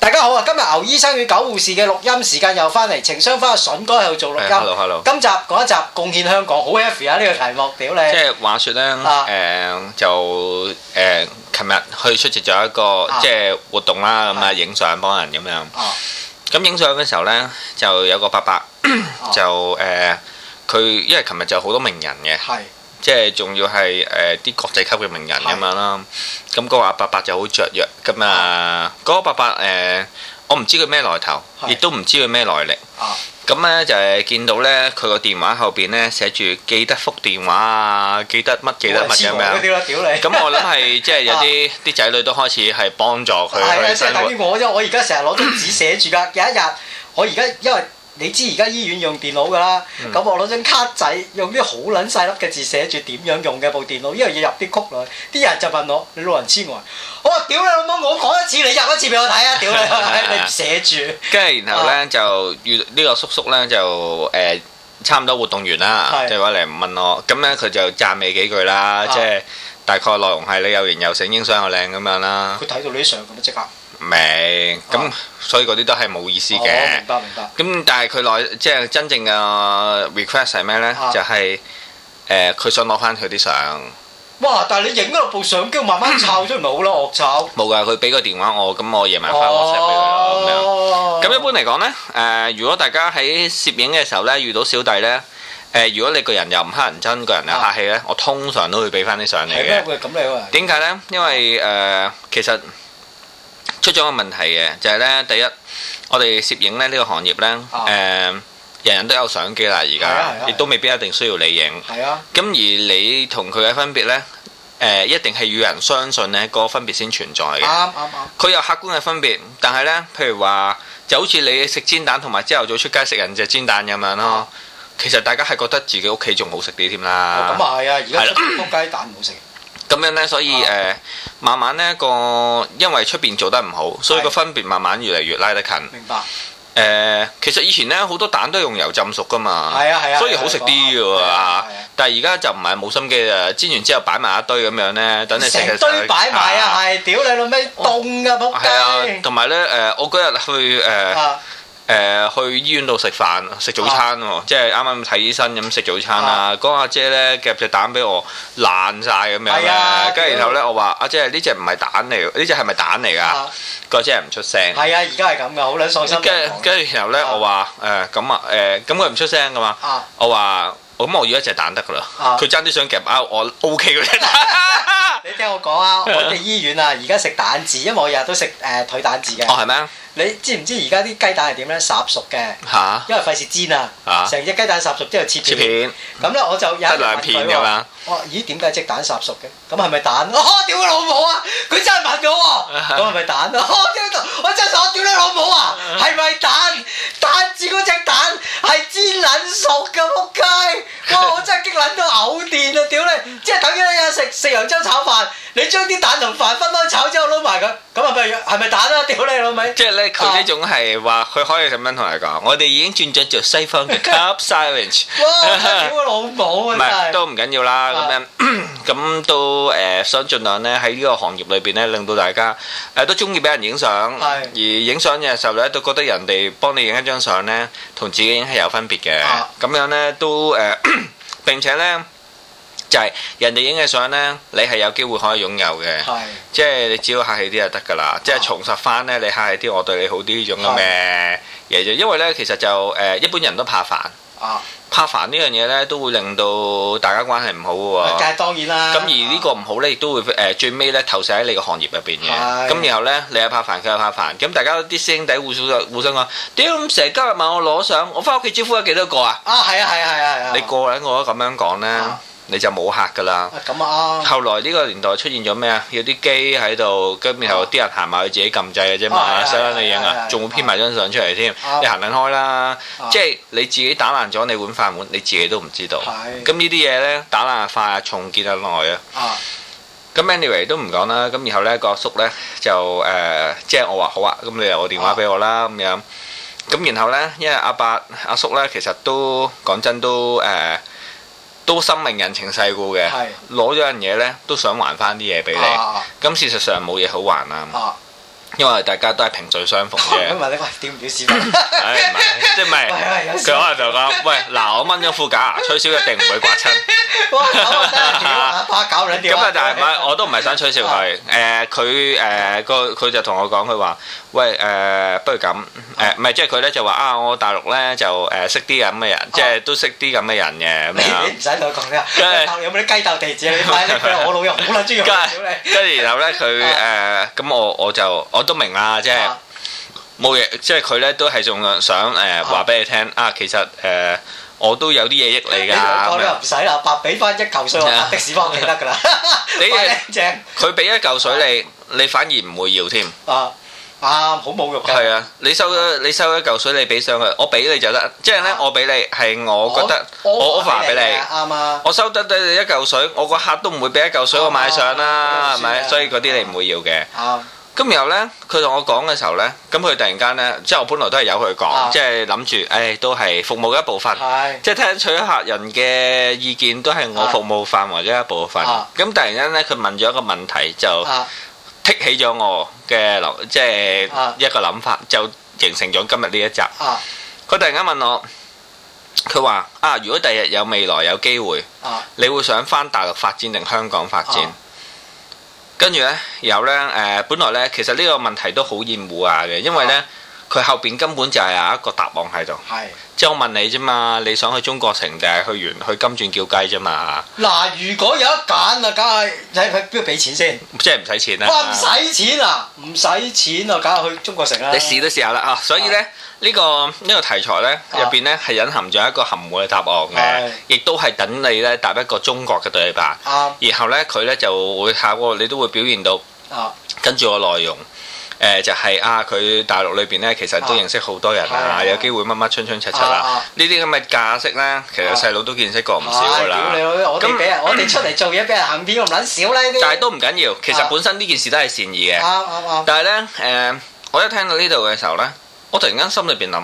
大家好啊！今日牛醫生與狗護士嘅錄音時間又翻嚟，情商翻阿筍哥又做錄音。Hello，Hello、啊 Hello。今集講一集貢獻香港，好 happy 啊！呢個題目屌你。即係話說咧，誒就誒，琴日去出席咗一個、啊、即係活動啦，咁啊影相幫人咁樣。咁影相嘅時候咧，就有個伯伯 就誒，佢、呃、因為琴日就好多名人嘅。嗯嗯即係仲要係誒啲國際級嘅名人咁樣啦，咁嗰個阿伯伯就好雀躍咁啊，嗰個伯伯誒，我唔知佢咩來頭，亦都唔知佢咩來歷。咁咧就係見到咧，佢個電話後邊咧寫住記得覆電話啊，記得乜記得乜嘅咩啊！咁我諗係即係有啲啲仔女都開始係幫助佢嘅生活。即係等於我啫，我而家成日攞張紙寫住㗎，有一日我而家因為。你知而家醫院用電腦㗎啦，咁、嗯、我攞張卡仔，用啲好撚細粒嘅字寫住點樣用嘅部電腦，因為要入啲曲內，啲人就問我：你老人痴呆？我話：屌你老母，我講一次，你入一次俾我睇啊！屌你，你唔寫住。跟住然後咧就呢個叔叔咧就誒、呃、差唔多活動完啦，即係過嚟問我，咁咧佢就讚美幾句啦，即係、啊就是、大概內容係你有型又醒，影相又靚咁樣啦。佢睇到你啲相咁都即刻。明咁，所以嗰啲都係冇意思嘅。明白，明白。咁但係佢來，即係真正嘅 request 係咩咧？就係誒，佢想攞翻佢啲相。哇！但係你影咗部相機慢慢抄，咪好啦，惡抄。冇噶，佢俾個電話我，咁我夜晚翻屋企俾佢啦。咁樣。咁一般嚟講咧，誒，如果大家喺攝影嘅時候咧，遇到小弟咧，誒，如果你個人又唔黑人憎，個人又客氣咧，我通常都會俾翻啲相你嘅。係咩？咁你話。點解咧？因為誒，其實。出咗個問題嘅，就係、是、呢。第一，我哋攝影咧呢、這個行業呢，誒、啊呃，人人都有相機啦，而家亦都未必一定需要你影。咁、啊、而你同佢嘅分別呢、呃，一定係與人相信呢、那個分別先存在嘅。啱啱佢有客觀嘅分別，但係呢，譬如話，就好似你食煎蛋同埋朝頭早出街食人隻煎蛋咁樣咯。啊、其實大家係覺得自己屋企仲好食啲添啦。咁啊係啊，而家出街雞蛋唔好食。咁樣呢，所以誒，啊、慢慢呢個，因為出邊做得唔好，所以個分別慢慢越嚟越拉得近。明白。誒、呃，其實以前呢，好多蛋都用油浸熟噶嘛，啊啊、所以好食啲嘅喎。但係而家就唔係冇心機啊，煎完之後擺埋一堆咁樣呢，等你成堆擺埋啊，係，屌你老味，凍嘅仆街啊，同埋呢，誒，我嗰日去誒。誒去醫院度食飯食早餐喎，即係啱啱睇醫生咁食早餐啦。嗰阿姐咧，夾隻蛋俾我爛晒咁樣，跟住然後咧我話阿姐，呢隻唔係蛋嚟，呢隻係咪蛋嚟㗎？個姐唔出聲。係啊，而家係咁噶，好撚喪心病狂。跟住跟住然後咧我話誒咁啊誒咁佢唔出聲㗎嘛，我話我咁我要一隻蛋得㗎啦，佢爭啲想夾啊我 OK 隻蛋。你聽我講啊，我哋醫院啊，而家食蛋治，因為我日日都食誒、呃、腿蛋治嘅。哦，係咩？你知唔知而家啲雞蛋係點咧？烚熟嘅。嚇、啊！因為費事煎啊。成隻雞蛋烚熟之後切片。切片。咁咧我就有一問佢兩片㗎片嘛。哦，咦？點解隻蛋烚熟嘅？咁係咪蛋？我呵，屌你老母啊！佢真係問我喎、啊。咁係咪蛋啊、哦？我真係我屌你老母啊！係咪蛋？蛋治嗰隻蛋係煎撚熟嘅，撲街！哇！我真係激撚到嘔電啊！屌你，即係等於日日食食揚州炒飯。你將啲蛋同飯分開炒之後，撈埋佢，咁係咪係咪蛋啊？屌你老味！即係咧，佢呢種係話，佢可以咁樣同你講，我哋已經轉咗做西方嘅。哇！屌我老母啊！唔係都唔緊要啦，咁樣咁都誒，想盡量咧喺呢個行業裏邊咧，令到大家誒都中意俾人影相，而影相嘅時候咧，都覺得人哋幫你影一張相咧，同自己影係有分別嘅。咁樣咧都誒，並且咧。就係人哋影嘅相咧，你係有機會可以擁有嘅，即係你只要客氣啲就得㗎啦。即係重拾翻咧，你客氣啲，我對你好啲呢種咁嘅嘢啫。因為咧，其實就誒一般人都怕煩啊，怕煩呢樣嘢咧，都會令到大家關係唔好嘅喎。但係當然啦。咁而呢個唔好咧，亦都會誒最尾咧投射喺你個行業入邊嘅。咁然後咧，你又怕煩，佢又怕煩，咁大家啲師兄弟互相互相講：屌，咁成今日問我攞相，我翻屋企招呼咗幾多個啊？啊，係啊，係啊，係啊，係啊，你個個人我都咁樣講咧。你就冇客噶啦。後來呢個年代出現咗咩啊？有啲機喺度，跟住後啲人行埋去自己撳掣嘅啫嘛，手拎嚟影啊，仲會編埋張相出嚟添。你行緊開啦，即係你自己打爛咗你碗飯碗，你自己都唔知道。咁呢啲嘢咧，打爛啊，快啊，重建得耐啊。咁 anyway 都唔講啦。咁然後咧，個阿叔咧就誒，即係我話好啊，咁你留個電話俾我啦，咁樣。咁然後咧，因為阿伯阿叔咧，其實都講真都誒，都心明人情世故嘅，攞咗樣嘢呢，都想還翻啲嘢俾你，咁、啊、事實上冇嘢好還啊，因為大家都係萍水相逢嘅。你 喂，掉唔掉屎忽？即係唔係？佢可能就講，喂，嗱我掹咗副架，吹少一定唔會刮親。咁啊，搞但係唔係我都唔係想吹笑佢，佢誒個佢就同我講佢話。喂，誒，不如咁，誒，唔係，即係佢咧就話啊，我大陸咧就誒識啲咁嘅人，即係都識啲咁嘅人嘅咁樣。你唔使再講啦，有冇啲雞竇地址？你買啲俾我老友，好撚中意用水。跟住然後咧，佢誒，咁我我就我都明啦，即係冇嘢，即係佢咧都係仲想誒話俾你聽啊，其實誒我都有啲嘢益你㗎。我你又唔使啦，白俾翻一嚿水我，的士方記得㗎啦。你正，佢俾一嚿水你，你反而唔會要添。啊！啱，好冇用嘅。係啊，你收咗你收咗嚿水，你俾上去，我俾你就得。即係咧，我俾你係我覺得，我 offer 俾你，啱啊。我收得得一嚿水，我個客都唔會俾一嚿水我買上啦，係咪？所以嗰啲你唔會要嘅。啊。咁然後咧，佢同我講嘅時候咧，咁佢突然間咧，即係我本來都係有去講，即係諗住，誒，都係服務嘅一部分，即係聽取客人嘅意見都係我服務範圍嘅一部分。咁突然間咧，佢問咗一個問題就。激起咗我嘅諗，即係一個諗法，就形成咗今日呢一集。佢突然間問我，佢話：啊，如果第日有未來有機會，你會想返大陸發展定香港發展？跟住呢，有呢，誒，本來呢，其實呢個問題都好厭惡下嘅，因為呢。佢後邊根本就係有一個答案喺度，即係我問你啫嘛，你想去中國城定係去完去金鑽叫雞啫嘛？嗱，如果有得揀啊，梗係喺喺邊度俾錢先，即係唔使錢啦。哇，唔使錢啊，唔使錢啊，梗係去中國城啦。你試都試下啦啊！所以咧，呢個呢個題材咧，入邊咧，係隱含咗一個含糊嘅答案嘅，亦都係等你咧答一個中國嘅對白，然後咧佢咧就會下個你都會表現到跟住個內容。誒、呃、就係、是、啊！佢大陸裏邊咧，其實都認識好多人啊，有機會乜乜春春七七啊！呢啲咁嘅架式咧，其實細佬都見識過唔少啦。咁你我俾人， 我哋出嚟做嘢俾人行騙唔撚少呢啲。但係都唔緊要，其實本身呢件事都係善意嘅。啊啊啊、但係咧，誒、呃，我一聽到呢度嘅時候咧，我突然間心裏邊諗。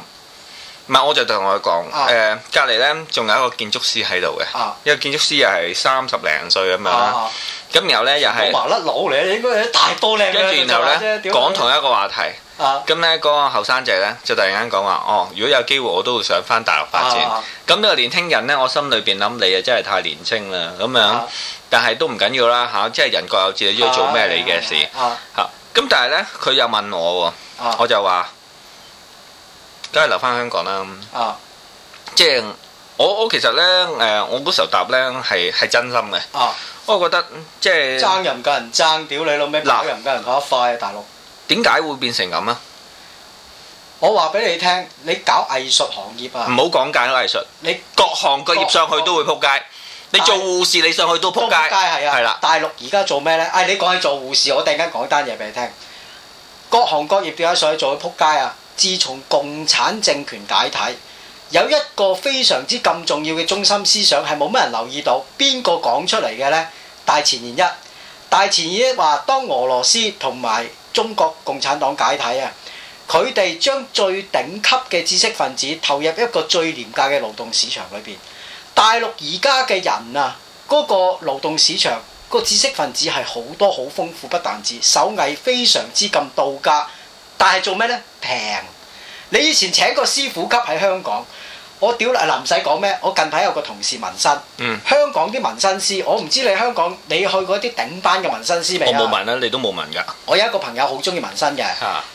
唔係，我就同我講，誒隔離，咧仲有一個建築師喺度嘅，一個建築師又係三十零歲咁樣啦。咁然後咧又係我麻甩佬嚟嘅，應該你太多靚女。跟住然後咧講同一個話題，咁咧嗰個後生仔咧就突然間講話，哦，如果有機會我都會想翻大陸發展。咁呢個年輕人咧，我心裏邊諗你啊真係太年輕啦咁樣，但係都唔緊要啦嚇，即係人各有志，你中意做咩你嘅事嚇。咁但係咧佢又問我喎，我就話。梗係留翻香港啦。啊！即係我我其實咧，誒，我嗰時候答咧係係真心嘅。啊！我覺得即係爭人家人爭，屌你老味，鬧人家人搞得快啊！大陸點解會變成咁啊？我話俾你聽，你搞藝術行業啊，唔好講解咯，藝術。你各行各業上去都會扑街。你做護士你上去都扑街。扑街係啊。係啦。大陸而家做咩咧？誒，你講起做護士，我突然間講單嘢俾你聽。各行各業點解上去做扑街啊？自從共產政權解體，有一個非常之咁重要嘅中心思想係冇乜人留意到，邊個講出嚟嘅呢？大前年一，大前年一話當俄羅斯同埋中國共產黨解體啊，佢哋將最頂級嘅知識分子投入一個最廉價嘅勞動市場裏邊。大陸而家嘅人啊，嗰、嗰個勞動市場、嗰個知識分子係好多好豐富，不但止，手藝非常之咁到家。但係做咩咧？平！你以前請個師傅級喺香港，我屌啦，林唔使講咩。我近排有個同事紋身，香港啲紋身師，我唔知你香港你去過啲頂班嘅紋身師未啊？我冇紋呀，你都冇紋㗎。我有一個朋友好中意紋身嘅，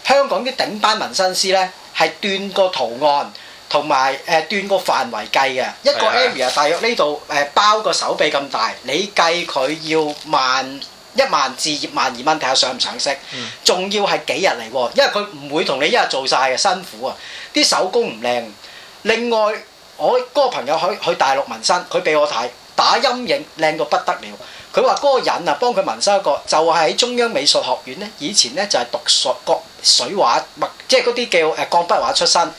香港啲頂班紋身師咧係斷個圖案同埋誒斷個範圍計嘅，一個 area 大約呢度誒包個手臂咁大，你計佢要萬，一萬至二萬二蚊，睇下上唔上色。仲要係幾日嚟喎，因為佢唔會同你一日做晒嘅，辛苦啊！啲手工唔靚。另外，我嗰個朋友去去大陸紋身，佢俾我睇打陰影，靚到不得了。佢話嗰個人啊，幫佢紋身一個，就係喺中央美術學院呢。以前呢，就係讀水國水畫，即係嗰啲叫誒鋼筆畫出身。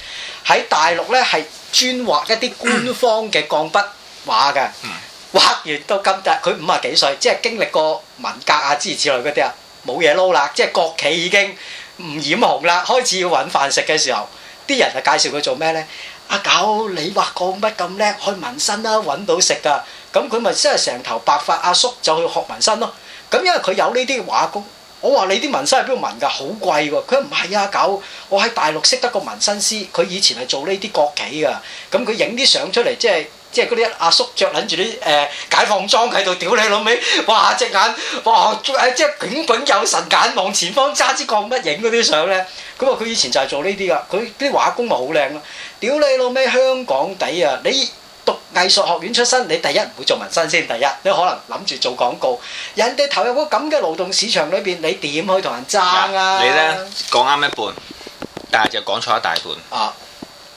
喺大陸呢，係專畫一啲官方嘅鋼筆畫嘅。嗯畫完都金，但佢五啊幾歲，即係經歷過文革啊之類之類嗰啲啊，冇嘢撈啦，即係國企已經唔染紅啦，開始要揾飯食嘅時候，啲人就介紹佢做咩呢？阿狗，你畫個乜咁叻去紋身啦、啊，揾到食噶。咁佢咪真係成頭白髮阿、啊、叔就去學紋身咯。咁因為佢有呢啲畫工，我話你啲紋身係邊度紋㗎？好貴喎。佢唔係啊，狗，我喺大陸識得個紋身師，佢以前係做呢啲國企㗎。咁佢影啲相出嚟，即係。即係嗰啲阿叔着撚住啲誒解放裝喺度屌你老味，哇隻眼哇即係炯炯有神眼望前方揸支鋼筆影嗰啲相咧，咁啊佢以前就係做呢啲㗎，佢啲畫工咪好靚咯。屌你老味香港地啊！你讀藝術學院出身，你第一唔會做紋身先，第一你可能諗住做廣告。人哋投入個咁嘅勞動市場裏邊，你點去同人爭啊？你咧講啱一半，但係就講錯一大半。啊！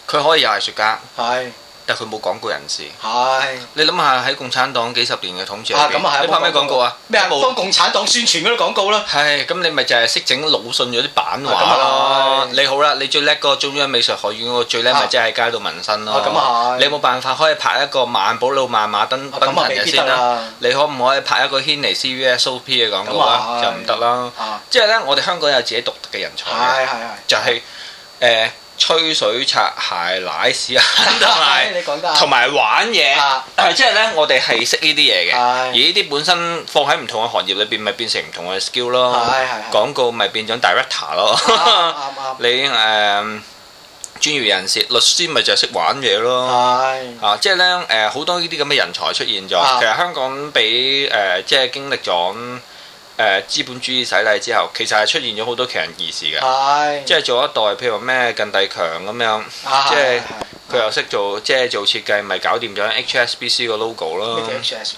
佢可以有藝術家。係。但佢冇廣告人士，係你諗下喺共產黨幾十年嘅統治下，你拍咩廣告啊？咩啊？幫共產黨宣傳嗰啲廣告咯。係，咁你咪就係識整魯迅嗰啲版畫咯。你好啦，你最叻個中央美術學院個最叻咪即係喺街度紋身咯。咁你冇辦法可以拍一個萬寶路、萬馬登登騰嘅先啦。你可唔可以拍一個軒尼 C V S O P 嘅廣告？就唔得啦。即係咧，我哋香港有自己獨特嘅人才。係係就係誒。吹水、擦鞋、奶屎啊，同埋同埋玩嘢，即係咧，我哋係識呢啲嘢嘅。而呢啲本身放喺唔同嘅行業裏邊，咪變成唔同嘅 skill 咯。廣告咪變咗 director 咯。啱啱。你誒專業人士，律師咪就係識玩嘢咯。係啊，即係咧誒，好多呢啲咁嘅人才出現咗。其實香港俾誒即係經歷咗。誒、呃、資本主義洗禮之後，其實係出現咗好多奇人異事嘅，的即係做一代，譬如話咩靳埭強咁樣，即係佢又識做，的即係做設計，咪搞掂咗 HSBC 個 logo 咯。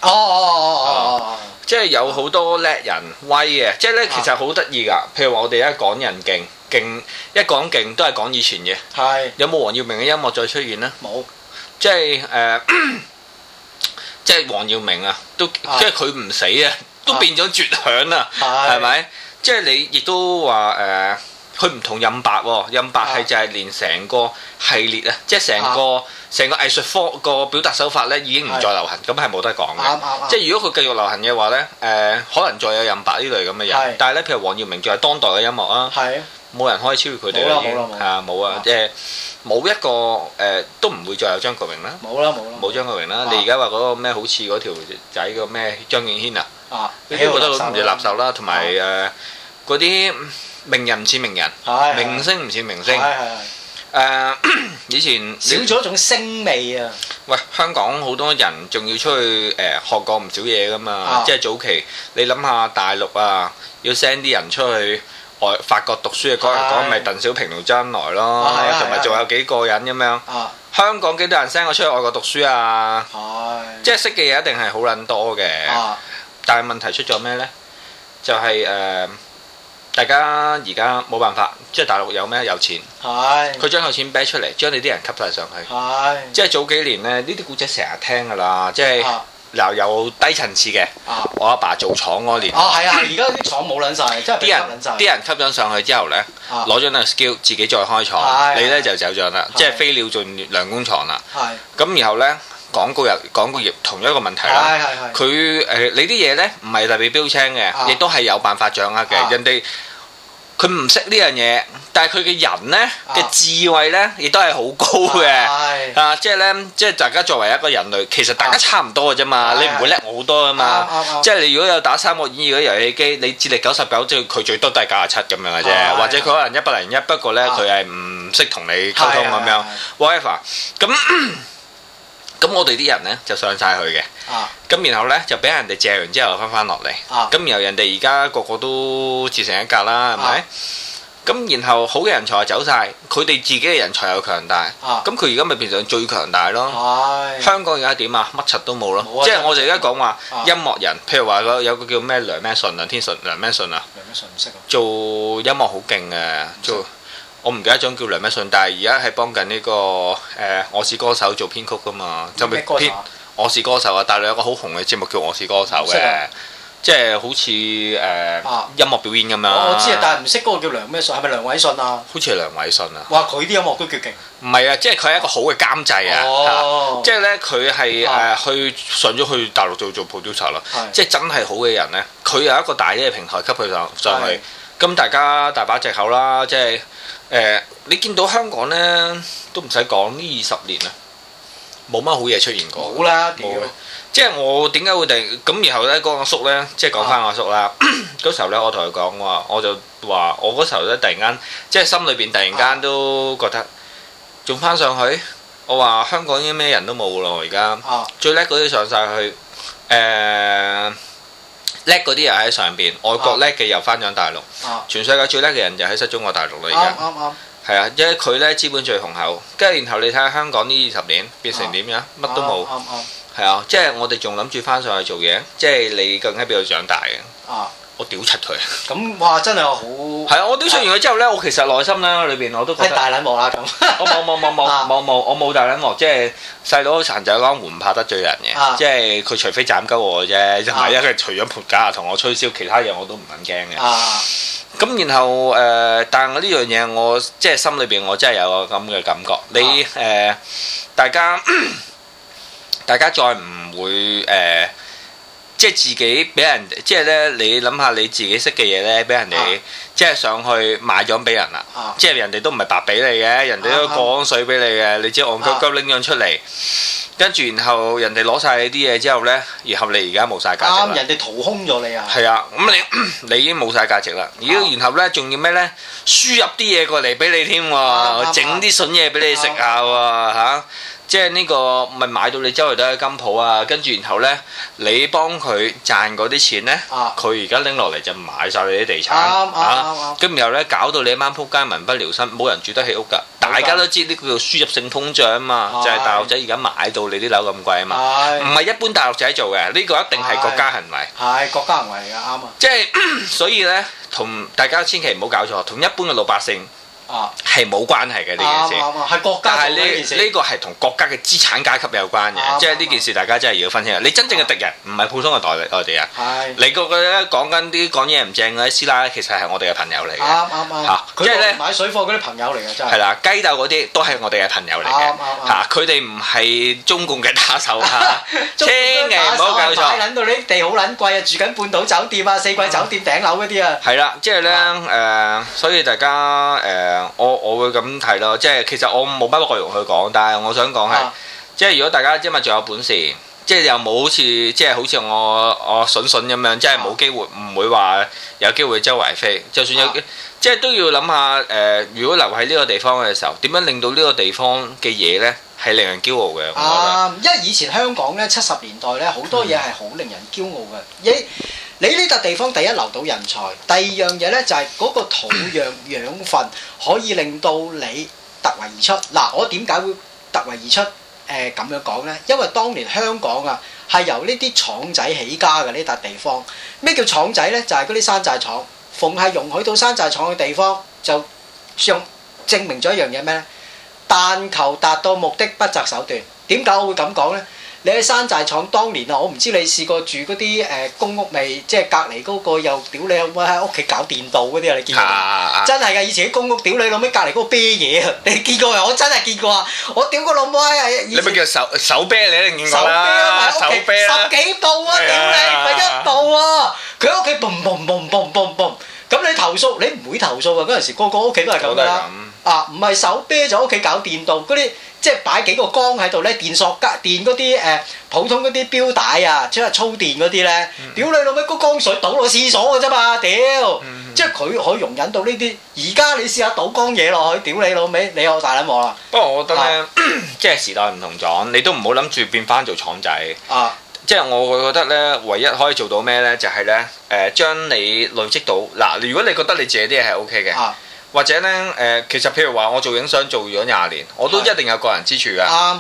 哦哦哦哦哦，哦哦啊、即係有好多叻人威嘅，即係咧，其實好得意㗎。譬如話我哋而家講人勁勁，一講勁都係講以前嘅。係的有冇黃耀明嘅音樂再出現呢？冇無、呃，即係誒，即係黃耀明啊，都即係佢唔死啊！都變咗絕響啦！係咪？即係你亦都話誒，佢唔同任白，任白係就係連成個系列咧，即係成個成個藝術科個表達手法咧，已經唔再流行，咁係冇得講嘅。即係如果佢繼續流行嘅話咧，誒，可能再有任白呢類咁嘅人，但係咧，譬如黃耀明仲係當代嘅音樂啊，冇人可以超越佢哋，係啊，冇啊，即係冇一個誒，都唔會再有張國榮啦，冇啦，冇啦冇張國榮啦。你而家話嗰個咩好似嗰條仔個咩張敬軒啊？啊！啲嘢覺得都唔似垃圾啦，同埋誒嗰啲名人唔似名人，明星唔似明星。係係係誒，以前少咗一種聲味啊！喂，香港好多人仲要出去誒學過唔少嘢㗎嘛，即係早期你諗下大陸啊，要 send 啲人出去外法國讀書啊，講嚟講咪鄧小平同周恩來咯，同埋仲有幾個人咁樣。香港幾多人 send 我出去外國讀書啊？係即係識嘅嘢一定係好撚多嘅。但係問題出咗咩咧？就係、是、誒、呃，大家而家冇辦法，即係大陸有咩有錢，佢將佢錢啤出嚟，將你啲人吸晒上去。係是，即係早幾年咧，呢啲古仔成日聽㗎啦，即係嗱有低層次嘅，的我阿爸，爸做廠嗰年。哦，係啊，而家啲廠冇撚曬，即係啲人啲人吸咗上去之後咧，攞咗的那 skill 自己再開廠，的你咧就走咗啦，的即係飛鳥進兩公牀啦。係的，咁然後咧。廣告人廣告業同一個問題啦，佢誒你啲嘢呢唔係特別標青嘅，亦都係有辦法掌握嘅。人哋佢唔識呢樣嘢，但係佢嘅人呢，嘅智慧呢，亦都係好高嘅。啊，即係呢，即係大家作為一個人類，其實大家差唔多嘅啫嘛，你唔會叻我好多噶嘛。即係你如果有打《三國演義》嗰遊戲機，你智力九十九，即係佢最多都係九十七咁樣嘅啫。或者佢可能一百零一，不過呢，佢係唔識同你溝通咁樣。Whatever 咁。咁我哋啲人咧就上晒去嘅，咁然後咧就俾人哋借完之後翻翻落嚟，咁然後人哋而家個個都自成一格啦，係咪？咁然後好嘅人才走晒，佢哋自己嘅人才又強大，咁佢而家咪變成最強大咯。香港而家點啊？乜柒都冇咯。即係我哋而家講話音樂人，譬如話有個叫咩梁咩順，梁天順，梁咩順啊？梁咩順唔識啊？做音樂好勁嘅，做。我唔記得咗叫梁咩信，但係而家係幫緊呢個誒《我是歌手》做編曲㗎嘛，就咪編《我是歌手》啊！大陸有個好紅嘅節目叫《我是歌手》嘅，即係好似誒音樂表演咁樣。我知啊，但係唔識嗰個叫梁咩信，係咪梁偉信啊？好似係梁偉信啊！話佢啲音樂都幾勁。唔係啊，即係佢係一個好嘅監製啊！即係咧，佢係誒去上咗去大陸做做 producer 啦。即係真係好嘅人咧，佢有一個大啲嘅平台畀佢上上去，咁大家大把藉口啦，即係。誒、呃，你見到香港咧，都唔使講呢二十年啦，冇乜好嘢出現過。冇啦，冇有。即係我點解會突然咁？然後咧，講、那個、我叔咧，即係講翻我叔啦。嗰 時候咧，我同佢講話，我就話我嗰時候咧，突然間即係心裏邊突然間都覺得仲翻上去。我話香港已經咩人都冇咯，而家、啊、最叻嗰啲上晒去誒。呃叻嗰啲人喺上邊，外國叻嘅又翻上大陸，啊、全世界最叻嘅人就喺失中國大陸啦。而家啱啱係啊，啊，啊，因為佢咧資本最雄厚，跟住然後你睇下香港呢二十年變成點樣，乜都冇。啱係啊，啊啊啊即係我哋仲諗住翻上去做嘢，即係你更加比較長大嘅啊。啊啊啊我屌出佢，咁哇真係好。係啊，我屌出完佢之後呢，我其實內心呢，裏邊我都覺得大禮物啊咁。我冇冇冇冇冇冇，我冇大禮物，即係細佬殘仔嗰個唔怕得罪人嘅，即係佢除非斬鳩我啫，一唔係一佢除咗盤假同我吹簫，其他嘢我都唔肯驚嘅。咁然後誒，但係呢樣嘢我即係心裏邊我真係有個咁嘅感覺。你誒大家大家再唔會誒。即係自己俾人，即係咧你諗下你自己識嘅嘢咧，俾人哋即係上去買咗俾人啦。即係人哋都唔係白俾你嘅，人哋都過水俾你嘅，你只戇鳩鳩拎咗出嚟，跟住然後人哋攞晒你啲嘢之後咧，然後你而家冇晒價值啦。人哋掏空咗你啊！係啊，咁你你已經冇晒價值啦。而然後咧，仲要咩咧？輸入啲嘢過嚟俾你添喎，整啲筍嘢俾你食啊！嚇～即係呢個咪買到你周圍都係金鋪啊，跟住然後咧，你幫佢賺嗰啲錢咧，佢而家拎落嚟就買曬你啲地產。啱啱啱。咁然後咧，搞到你班仆街，民不聊生，冇人住得起屋㗎。大家都知呢個叫輸入性通脹啊嘛，就係大陸仔而家買到你啲樓咁貴啊嘛。唔係一般大陸仔做嘅，呢個一定係國家行為。係國家行為嚟㗎，啱啊。即係所以咧，同大家千祈唔好搞錯，同一般嘅老百姓。啊，係冇關係嘅呢件事。但係呢，呢個係同國家嘅資產階級有關嘅，即係呢件事大家真係要分清。你真正嘅敵人唔係普通嘅代理內地人。係。你嗰個咧，講緊啲講嘢唔正嗰啲師奶，其實係我哋嘅朋友嚟嘅。即係咧，買水貨嗰啲朋友嚟嘅，真係。係啦，雞竇嗰啲都係我哋嘅朋友嚟嘅。佢哋唔係中共嘅打手，千祈唔好搞錯。買緊到你地好撚貴啊！住緊半島酒店啊、四季酒店頂樓嗰啲啊。係啦，即係呢，誒，所以大家誒。我我會咁睇咯，即係其實我冇乜內容去講，但係我想講係，啊、即係如果大家即係咪仲有本事，即係又冇好似即係好似我我蠢蠢咁樣，即係冇機會，唔、啊、會話有機會周圍飛。就算有，啊、即係都要諗下誒，如果留喺呢個地方嘅時候，點樣令到呢個地方嘅嘢呢係令人驕傲嘅。我覺得啊，因為以前香港呢，七十年代呢，好多嘢係好令人驕傲嘅。嗯你呢笪地方第一留到人才，第二樣嘢咧就係嗰個土壤養分可以令到你突圍而出。嗱，我點解會突圍而出？誒，咁樣講呢，因為當年香港啊係由呢啲廠仔起家嘅呢笪地方。咩叫廠仔呢？就係嗰啲山寨廠。逢係容許到山寨廠嘅地方，就上證明咗一樣嘢咩呢？但求達到目的，不擇手段。點解我會咁講呢？你喺山寨廠當年啊，我唔知你試過住嗰啲誒公屋未？即係隔離嗰個又屌你，有冇喺屋企搞電鍍嗰啲啊？你見過？真係噶！以前啲公屋屌你老母，隔離嗰個啤嘢啊！你見過啊？我真係見過啊！我屌個老母喺係，你咪叫手手啤你都見過啦！手啤啊！買屋企啤，十幾度啊，屌你咪一度喎！佢喺屋企嘣嘣嘣嘣嘣嘣咁，你投訴你唔會投訴噶，嗰陣時，個個屋企都係咁噶，啊唔係手啤就屋企搞電鍍嗰啲。即係擺幾個缸喺度咧，電塑加電嗰啲誒普通嗰啲標帶啊，即係粗電嗰啲咧，屌你老味，個缸水倒落廁所嘅啫嘛，屌！嗯嗯、即係佢可以容忍到呢啲，而家你試下倒缸嘢落去，屌你老味，你有大膽我啦？不過我覺得咧，啊、即係時代唔同咗，你都唔好諗住變翻做廠仔。啊！即係我會覺得咧，唯一可以做到咩咧，就係咧誒，將你累積到嗱，如果你覺得你自己啲嘢係 O K 嘅。啊。或者呢，誒，其實譬如話，我做影相做咗廿年，我都一定有個人之處嘅。啱，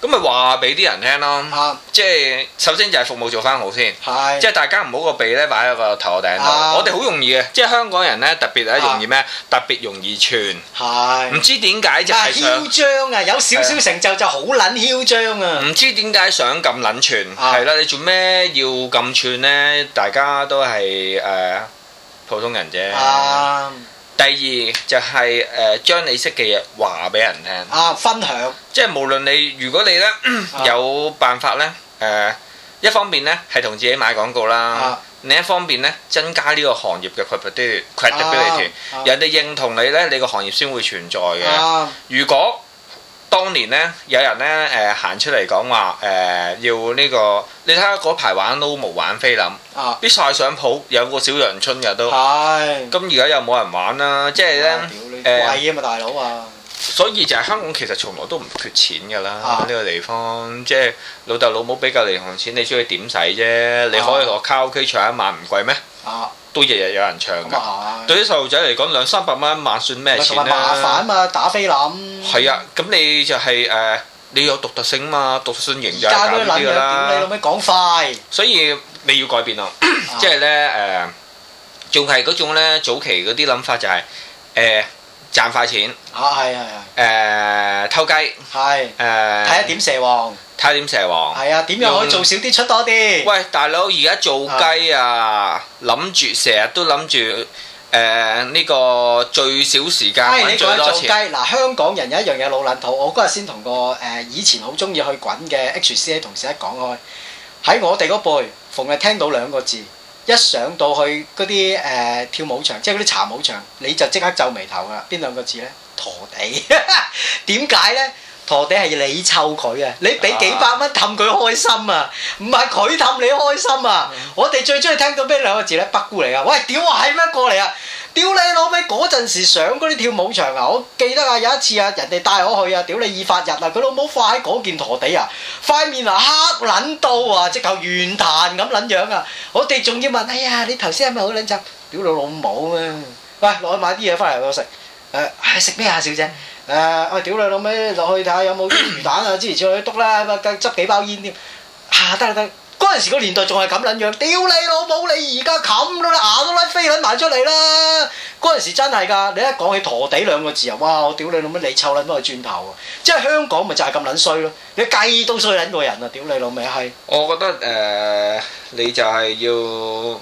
咁咪話俾啲人聽咯。即係首先就係服務做翻好先。係。即係大家唔好個鼻呢擺喺個頭殼頂度。我哋好容易嘅，即係香港人呢，特別容易咩？特別容易串。係。唔知點解就囂張啊？有少少成就就好撚囂張啊！唔知點解想咁撚串？係啦，你做咩要咁串呢？大家都係誒普通人啫。第二就係、是、誒、呃、將你識嘅嘢話俾人聽啊，分享。即係無論你，如果你咧、嗯、有辦法咧，誒、呃、一方面咧係同自己買廣告啦，啊、另一方面咧增加呢個行業嘅啲羣體嘅力量，啊、人哋認同你咧，你個行業先會存在嘅。啊、如果當年咧，有人咧誒行出嚟講話誒，要呢個，你睇下嗰排玩撈冇玩菲林，啲曬相鋪有個小陽春日都，咁而家又冇人玩啦，即係咧誒貴啊嘛大佬啊，所以就係香港其實從來都唔缺錢噶啦呢個地方，即係老豆老母俾嚿零用錢，你中意點使啫，你可以同我卡拉 OK 唱一晚唔貴咩？都日日有人唱噶，嗯、對啲細路仔嚟講，兩三百蚊一晚算咩錢麻煩啊嘛，打飛諗。係啊，咁你就係、是、誒、呃，你有獨特性啊嘛，獨特性型就簡單啲啦。而家啲諗法點你老講快？所以你要改變啊，即係咧誒，仲係嗰種咧早期嗰啲諗法就係、是、誒。呃賺快錢啊，係係係，誒偷雞，係，誒睇一點蛇王，睇一點蛇王，係啊，點樣可以做少啲用出多啲？喂大佬而家做雞啊，諗住成日都諗住誒，呢個最少時間揾最多錢。嗱、呃、香港人有一樣嘢老卵土，我嗰日先同個誒、呃、以前好中意去滾嘅 H C A 同事一講開，喺我哋嗰輩逢日聽到兩個字。一上到去嗰啲誒跳舞場，即係嗰啲茶舞場，你就即刻皺眉頭㗎。邊兩個字呢？陀地 呢「陀地點解呢？「陀地係你湊佢嘅，你俾幾百蚊氹佢開心啊？唔係佢氹你開心啊？嗯、我哋最中意聽到咩兩個字呢？「北姑嚟啊！喂，屌我係咩過嚟啊？屌你老味！嗰陣時上嗰啲跳舞場啊，我記得啊，有一次啊，人哋帶我去啊，屌你二發日啊，佢老母化喺嗰件陀地啊，塊面啊黑撚到啊，直頭圓彈咁撚樣啊，我哋仲要問，哎呀，你頭先係咪好撚醜？屌你老母啊！喂，落去買啲嘢翻嚟我食。誒、呃，食咩啊，小姐？誒、呃， 啊，屌你老味，落去睇下有冇魚蛋啊，之前出去篤啦，咁啊，執幾包煙添。嚇得得。」嗰陣時個年代仲係咁撚樣，屌你老母！你而家冚到你牙都甩飛撚埋出嚟啦！嗰陣時真係㗎，你一講起陀地兩個字，又哇！我屌你老母，你臭撚都係轉頭喎！即係香港咪就係咁撚衰咯，你計都衰撚過人啊！屌你老味閪！是是我覺得誒、呃，你就係要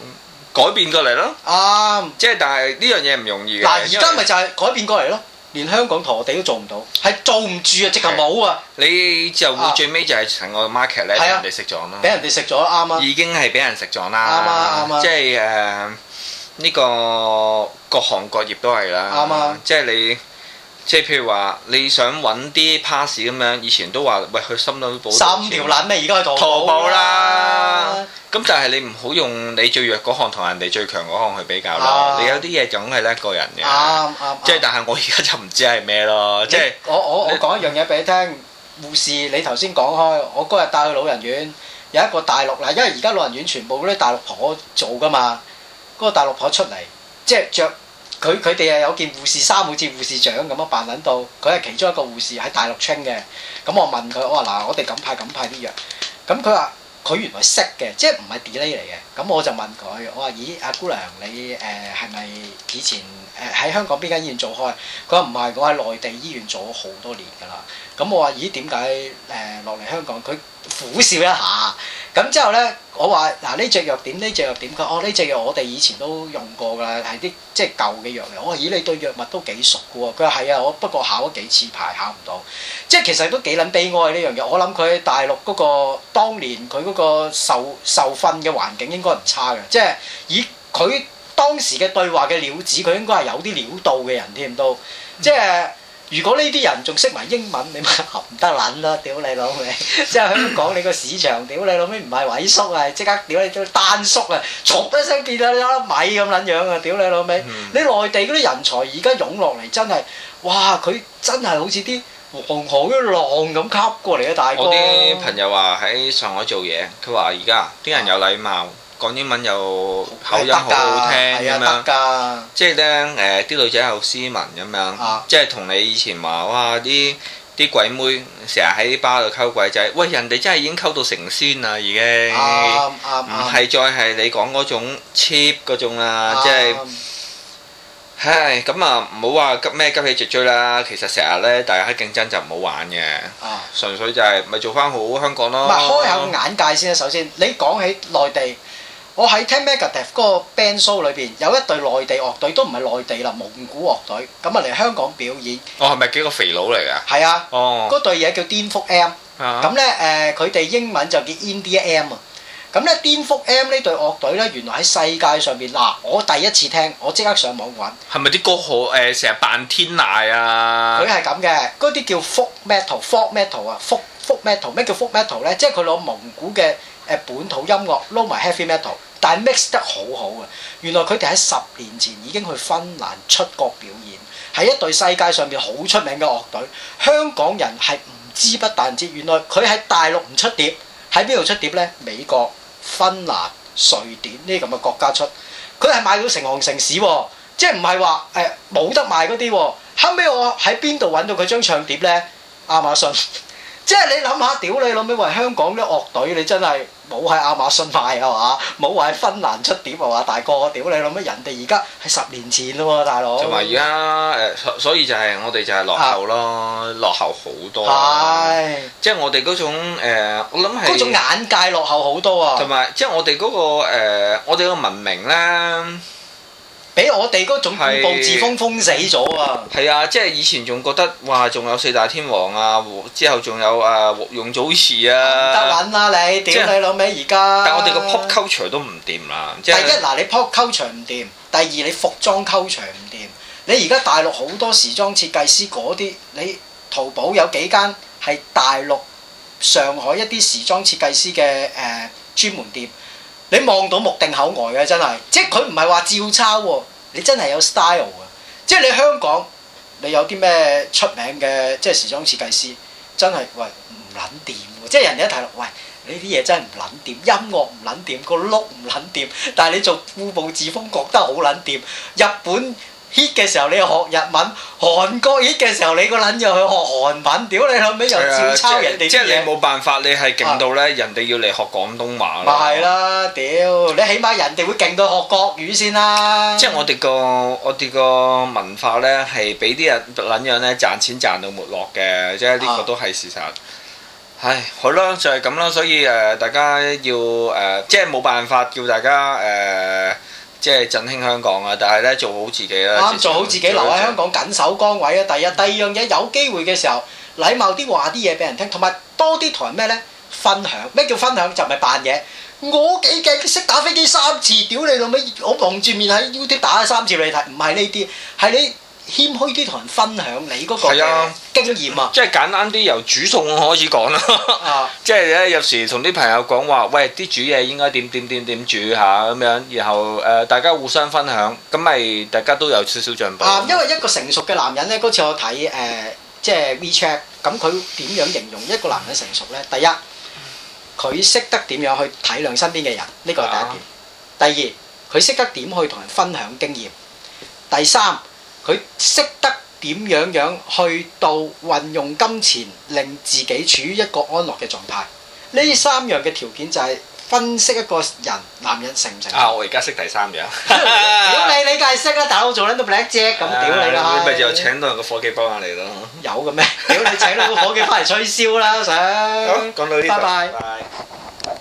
改變過嚟咯。啱、啊，即係但係呢樣嘢唔容易嘅。但係，而家咪就係改變過嚟咯。連香港陀地都做唔到，係做唔住啊！即刻冇啊！你就會最尾就係成個 market 咧，俾人哋食咗咯，俾人哋食咗，啱啊！已經係俾人食咗啦，啱，即係誒呢個各行各業都係啦，啱，即係你。即係譬如話，你想揾啲 pass 咁樣，以前都話喂佢心諗保三條撚啊，而家去淘寶啦。咁但係你唔好用你最弱嗰項同人哋最強嗰項去比較咯。啊、你有啲嘢總係叻個人嘅。啱啱、啊啊啊。即係但係我而家就唔知係咩咯。即係我我我講一樣嘢俾你聽。嗯、護士，你頭先講開，我嗰日帶去老人院，有一個大陸嗱，因為而家老人院全部嗰啲大陸婆做㗎嘛，嗰、嗰個大陸婆出嚟，即係着。佢佢哋係有件護士衫，好似護士長咁樣扮緊到。佢係其中一個護士，喺大陸 train 嘅。咁我問佢，我話嗱，我哋咁派咁派啲藥。咁佢話佢原來識嘅，即係唔係 delay 嚟嘅。咁我就問佢，我話咦，阿姑娘你誒係咪以前？誒喺香港邊間醫院做開？佢話唔係，我喺內地醫院做咗好多年㗎啦。咁我話：咦，點解誒落嚟香港？佢苦笑一下。咁之後咧，我話：嗱、啊，呢隻藥點？呢隻藥點？佢：哦，呢隻藥我哋以前都用過㗎啦，係啲即係舊嘅藥嚟。我話：咦，你對藥物都幾熟㗎喎？佢話：係啊，我不過考咗幾次牌，考唔到。即係其實都幾撚悲哀呢樣嘢。我諗佢喺大陸嗰、嗰個當年佢嗰個受受訓嘅環境應該唔差㗎。即係咦佢。當時嘅對話嘅料子，佢應該係有啲料到嘅人添都，嗯、即係如果呢啲人仲識埋英文，你咪含得撚囉！屌你老味， 即係香港你個市場，屌你老味唔係萎縮啊，即刻屌你都單縮啊，嘈一聲變咗一粒米咁撚樣啊！屌你老味，你內、嗯、地嗰啲人才而家湧落嚟，真係哇，佢真係好似啲黃海浪咁吸過嚟啊！大哥，我啲朋友話喺上海做嘢，佢話而家啲人有禮貌。講英文又口音好好聽咁樣，即係咧，誒啲女仔又斯文咁樣，即係同你以前話哇啲啲鬼妹成日喺啲巴度溝鬼仔，喂人哋真係已經溝到成仙啦已經，唔係再係你講嗰種 cheap 嗰種啦，即係，唉咁啊唔好話急咩急起直追啦，其實成日咧大家喺競爭就唔好玩嘅，純粹就係咪做翻好香港咯，開下眼界先啦首先，你講起內地。我喺聽 Megadeth 嗰個 band show 裏邊，有一隊內地樂隊，都唔係內地啦，蒙古樂隊，咁啊嚟香港表演。哦，係咪幾個肥佬嚟噶？係啊，嗰隊嘢叫顛覆 M。咁咧誒，佢哋英文就叫 Indiam 啊。咁咧，顛覆 M 呢隊樂隊咧，原來喺世界上邊嗱，我第一次聽，我即刻上網揾。係咪啲歌好誒？成日扮天籟啊！佢係咁嘅，嗰啲叫 folk metal，folk metal 啊，folk metal，咩叫 folk metal 咧？即係佢攞蒙古嘅。本土音樂撈埋 heavy metal，但係 mix 得好好嘅。原來佢哋喺十年前已經去芬蘭出國表演，係一隊世界上邊好出名嘅樂隊。香港人係唔知不但知，原來佢喺大陸唔出碟，喺邊度出碟呢？美國、芬蘭、瑞典呢啲咁嘅國家出。佢係賣到成行成市喎、啊，即係唔係話誒冇得賣嗰啲、啊。後尾我喺邊度揾到佢張唱碟呢？亞馬遜。即係你諗下，屌你諗咩？話香港啲樂隊，你真係冇喺亞馬遜賣係嘛？冇話喺芬蘭出碟係嘛？大哥，我屌你諗咩？人哋而家係十年前咯喎，大佬。同埋而家誒，所以就係、係、我哋就係落後咯，啊、落後好多。係是。即係我哋嗰種、呃、我諗係。嗰種眼界落後好多啊。同埋，即係我哋嗰、嗰個、呃、我哋個文明咧。俾我哋嗰種固步自封封死咗啊！係啊，即係以前仲覺得，嘩，仲有四大天王啊，之後仲有、呃、啊，容祖兒啊，得揾啦你，屌是你老味而家！但我哋個 pop culture 都唔掂啦。即第一嗱，你 pop culture 唔掂；第二，你服裝 culture 唔掂。你而家大陸好多時裝設計師嗰啲，你淘寶有幾間係大陸上海一啲時裝設計師嘅誒、呃、專門店？你望到目定口呆嘅真係，即係佢唔係話照抄喎、哦，你真係有 style 啊！即係你香港，你有啲咩出名嘅即係時裝設計師，真係喂唔撚掂喎！即係人哋一睇落，喂你啲嘢真係唔撚掂，音樂唔撚掂，個 look 唔撚掂，但係你做固步自封覺得好撚掂，日本 hit 嘅時候你學日文，韓國 hit 嘅時候你個撚樣去學韓文，屌你後尾又照抄人哋啲嘢。即係你冇辦法，你係勁到咧，人哋要嚟學廣東話啦。咪係啦，屌你起碼人哋會勁到學國語先啦。即係我哋個我哋個文化咧，係俾啲人撚樣咧賺錢賺到沒落嘅，即係呢個都係事實。唉，好啦，就係咁啦，所以誒，大家要誒，即係冇辦法叫大家誒。即係振興香港啊！但係咧做好自己啦，啱做好自己，自己留喺香港緊守崗位啊！第一、第二樣嘢，嗯、有機會嘅時候，禮貌啲話啲嘢俾人聽，同埋多啲同人咩咧分享。咩叫分享？就唔係扮嘢。我幾勁，識打飛機三次，屌你老尾！我蒙住面喺 YouTube 打三次俾你睇，唔係呢啲，係你。謙虛啲同人分享你嗰個經驗啊！即係簡單啲，由煮餸開始講啦。啊、 即係咧，有時同啲朋友講話，喂，啲煮嘢應該點點點點煮下咁樣，然後誒、呃，大家互相分享，咁咪大家都有少少進步。啊，因為一個成熟嘅男人咧，嗰次我睇誒、呃，即係 WeChat，咁佢點樣形容一個男人成熟咧？第一，佢識得點樣去體諒身邊嘅人，呢、這個係第一。啊、第二，佢識得點去同人分享經驗。第三。佢識得點樣樣去到運用金錢，令自己處於一個安樂嘅狀態。呢三樣嘅條件就係分析一個人男人成唔成啊，我而家識第三樣。屌 你，你梗係識啦，大佬我做撚到叻啫。咁屌你啦、啊。你咪就請到個伙計幫下你咯。 有嘅咩？屌你，請到個伙計翻嚟吹簫啦，想。好，講到呢。拜拜。